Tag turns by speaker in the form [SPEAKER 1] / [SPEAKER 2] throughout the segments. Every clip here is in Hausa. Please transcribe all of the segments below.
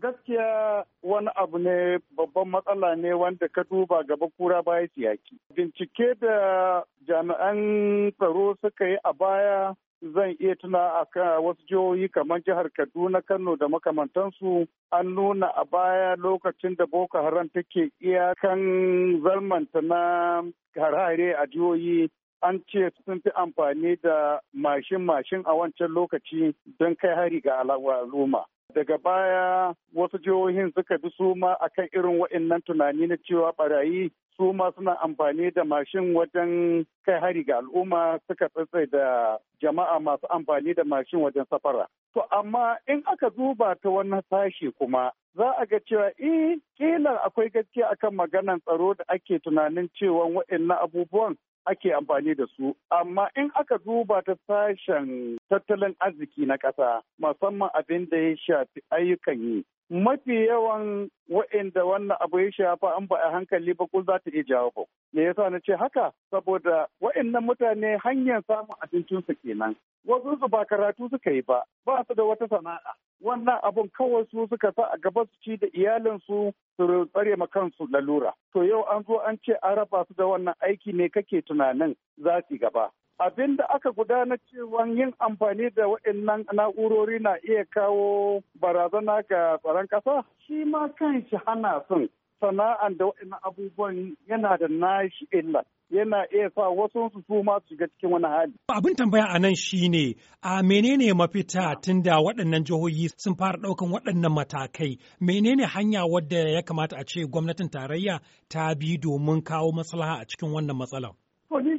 [SPEAKER 1] Gaskiya wani abu ne babban matsala ne wanda ka duba gaba kura baya siyaki. Bincike da jami'an tsaro suka yi a baya zan iya tuna a wasu jihohi kamar jihar Kaduna, Kano da makamantansu an nuna a baya lokacin da Boko Haram take iyakan zalmanta na harare a jihohi an ce sun fi amfani da mashin-mashin a wancan lokaci don kai hari ga al'umma. Daga baya wasu jihohin suka bi suma ma akan irin wa'annan tunani na cewa barayi su ma suna amfani da mashin wajen kai hari ga al'umma suka tsatsai da jama'a masu amfani da mashin wajen safara. To amma in aka zuba ta wani sashi kuma za a ga cewa eh kila akwai gaskiya akan maganan tsaro da ake tunanin cewa waɗannan abubuwan ake amfani da su amma in aka duba ta sashen tattalin arziki na ƙasa musamman abin da ya shafi ayyukan yi mafi yawan wa'inda wannan abu ya shafa an ba a hankali ba ko za ta iya jawo ba. Me yasa na ce haka? Saboda wa'innan mutane hanyar samun abincinsu kenan. Wasu su ba karatu suka yi ba, ba su da wata sana'a. Wannan abun kawai su suka sa a gaba su ci da iyalinsu su tsare ma kansu lalura. To yau an zo an ce an raba su da wannan aiki ne kake tunanin za su gaba. abin da aka gudana cewa yin amfani da waɗannan na'urori na iya kawo barazana ga tsaron ƙasa shi ma kan shi hana sun sana'an da waɗannan abubuwan yana da nashi illa yana iya sa wasu su su ma su shiga cikin wani hali.
[SPEAKER 2] Abin tambaya a nan shine a menene mafita tunda waɗannan jihohi sun fara ɗaukan waɗannan matakai menene hanya wadda ya kamata a ce gwamnatin tarayya ta bi domin kawo maslaha a cikin wannan matsalar?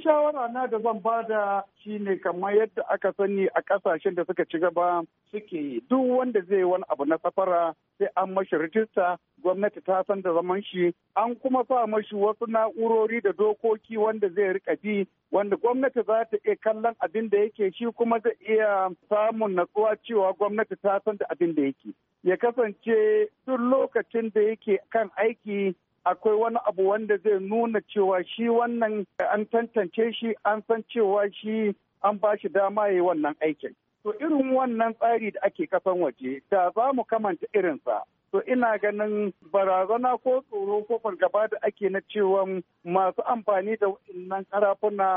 [SPEAKER 1] shawara na da zan bada ne kamar yadda aka sani a kasashen da suka ci gaba suke yi duk wanda zai wani abu na safara sai an mashi rijista gwamnati ta san da zaman shi an kuma sa mashi wasu na'urori da dokoki wanda zai rika bi wanda gwamnati za ta iya kallon abin da yake shi kuma zai iya samun natsuwa cewa gwamnati ta san da abin da yake ya kasance duk lokacin da yake kan aiki akwai wani abu wanda zai nuna cewa shi wannan an tantance shi an san cewa shi an ba shi dama ya yi wannan aikin. To irin wannan tsari da ake kasan waje da za mu kamanta irinsa to ina ganin barazana ko tsoro ko fargaba da ake na cewa masu amfani da waɗannan karafuna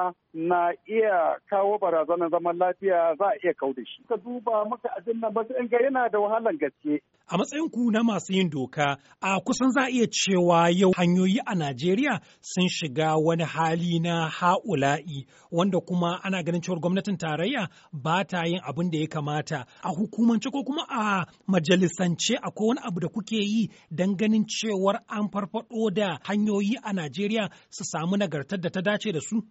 [SPEAKER 1] na iya kawo barazanar zaman lafiya za a iya kau da shi
[SPEAKER 2] ka duba maka abin nan ba in ga yana da wahalan gaske a matsayin ku na masu yin doka a kusan za a iya cewa yau hanyoyi a Najeriya sun shiga wani hali na ha'ula'i wanda kuma ana ganin cewar gwamnatin tarayya ba ta yin abin da ya kamata a hukumance ko kuma a majalisance akwai wani abu da kuke yi don ganin cewar an farfado da hanyoyi a Najeriya su samu nagartar da ta dace da su?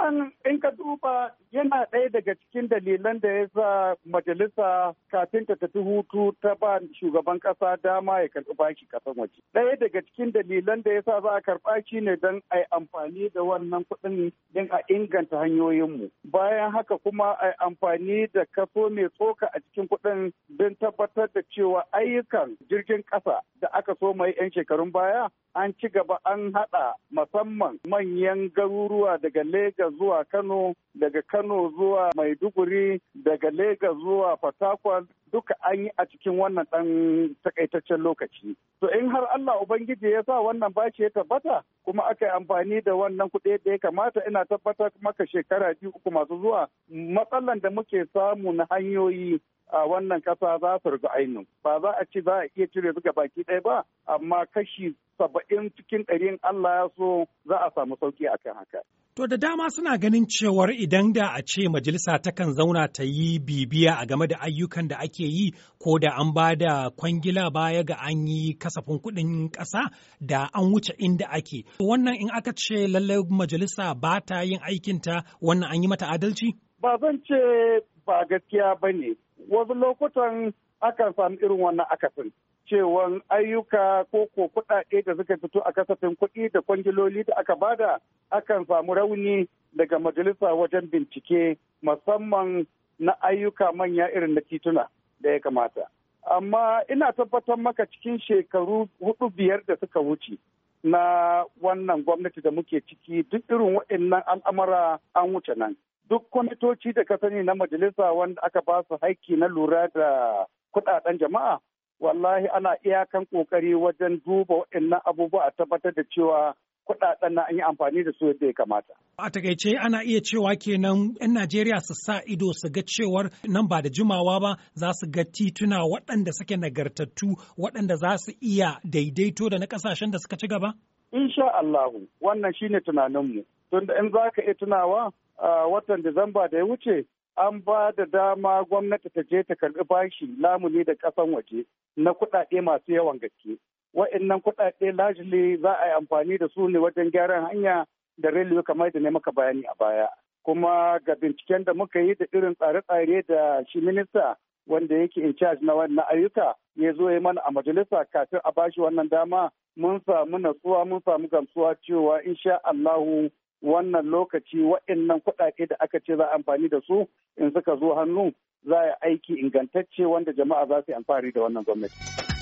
[SPEAKER 1] wannan in ka duba yana ɗaya daga cikin dalilan da ya sa majalisa kafin ta tafi hutu ta ba shugaban ƙasa dama ya karɓi baki ƙasan waje. Ɗaya daga cikin dalilan da ya sa za a karɓa shi ne don a yi amfani da wannan kuɗin don a inganta hanyoyinmu. Bayan haka kuma a yi amfani da kaso mai tsoka a cikin kuɗin don tabbatar da cewa ayyukan jirgin ƙasa da aka so mai 'yan shekarun baya an ci gaba an haɗa musamman manyan garuruwa daga Legas zuwa Kano, daga Kano zuwa Maiduguri, daga Legas zuwa Fatakwal duka an yi a cikin wannan ɗan takaitaccen lokaci. To in har Allah Ubangiji ya sa wannan bashi ya tabbata kuma aka yi amfani da wannan kuɗi da ya kamata ina tabbatar maka shekara biyu uku masu zuwa matsalan da muke samu na hanyoyi a wannan kasa za su riga ainihin ba za a ci za a iya cire su baki ɗaya ba amma kashi saba'in cikin ɗari Allah ya so za a samu sauki akan haka.
[SPEAKER 2] To da dama suna ganin cewar idan da a ce majalisa takan zauna ta yi bibiya a game da ayyukan da ake yi ko da an ba da kwangila baya ga an yi kasafin kuɗin ƙasa da an wuce inda ake. Wannan in aka ce lallai majalisa ba ta yin aikinta wannan an yi mata adalci?
[SPEAKER 1] Ba zan ce ba gaskiya ba ne. Wasu lokutan akan samu irin wannan akasin. cewan ayyuka ko ko kuɗaɗe da suka fito a kasafin kuɗi da kwangiloli da aka bada akan samu rauni daga majalisa wajen bincike musamman na ayyuka manya irin na tituna da ya kamata. Amma ina tabbatar maka cikin shekaru hudu biyar da suka wuce na wannan gwamnati da muke ciki duk irin waɗannan al'amara an wuce nan. Duk kwamitoci da ka sani na majalisa wanda aka ba su haiki na lura da kuɗaɗen jama'a wallahi ana iyakan kokari wajen duba waɗannan abubuwa a tabbatar da cewa kuɗaɗen na an yi amfani da su yadda ya kamata.
[SPEAKER 2] A takaice ana iya cewa kenan 'yan Najeriya su sa ido su ga cewar nan ba da jimawa ba za su ga tituna waɗanda suke nagartattu waɗanda za su iya daidaito da na ƙasashen da suka ci gaba? Insha Allahu wannan
[SPEAKER 1] shine mu. Tunda in za ka iya tunawa watan Disamba da ya wuce an ba da dama gwamnati ta je ta karbi bashi lamuni da kasan waje na kuɗaɗe masu yawan gaske wa'annan kuɗaɗe largely za a yi amfani da su ne wajen gyaran hanya da railway kamar da ne maka bayani a baya kuma ga binciken da muka yi da irin tsare-tsare da shi minista wanda yake in charge na wannan ayyuka ya zo ya mana a majalisa kafin a bashi wannan dama mun samu natsuwa mun samu gamsuwa cewa insha Allahu wannan lokaci waɗannan kuɗaɗe da aka ce za a amfani da su in suka zo hannu za a aiki ingantacce wanda jama'a za su yi amfani da wannan gwamnati.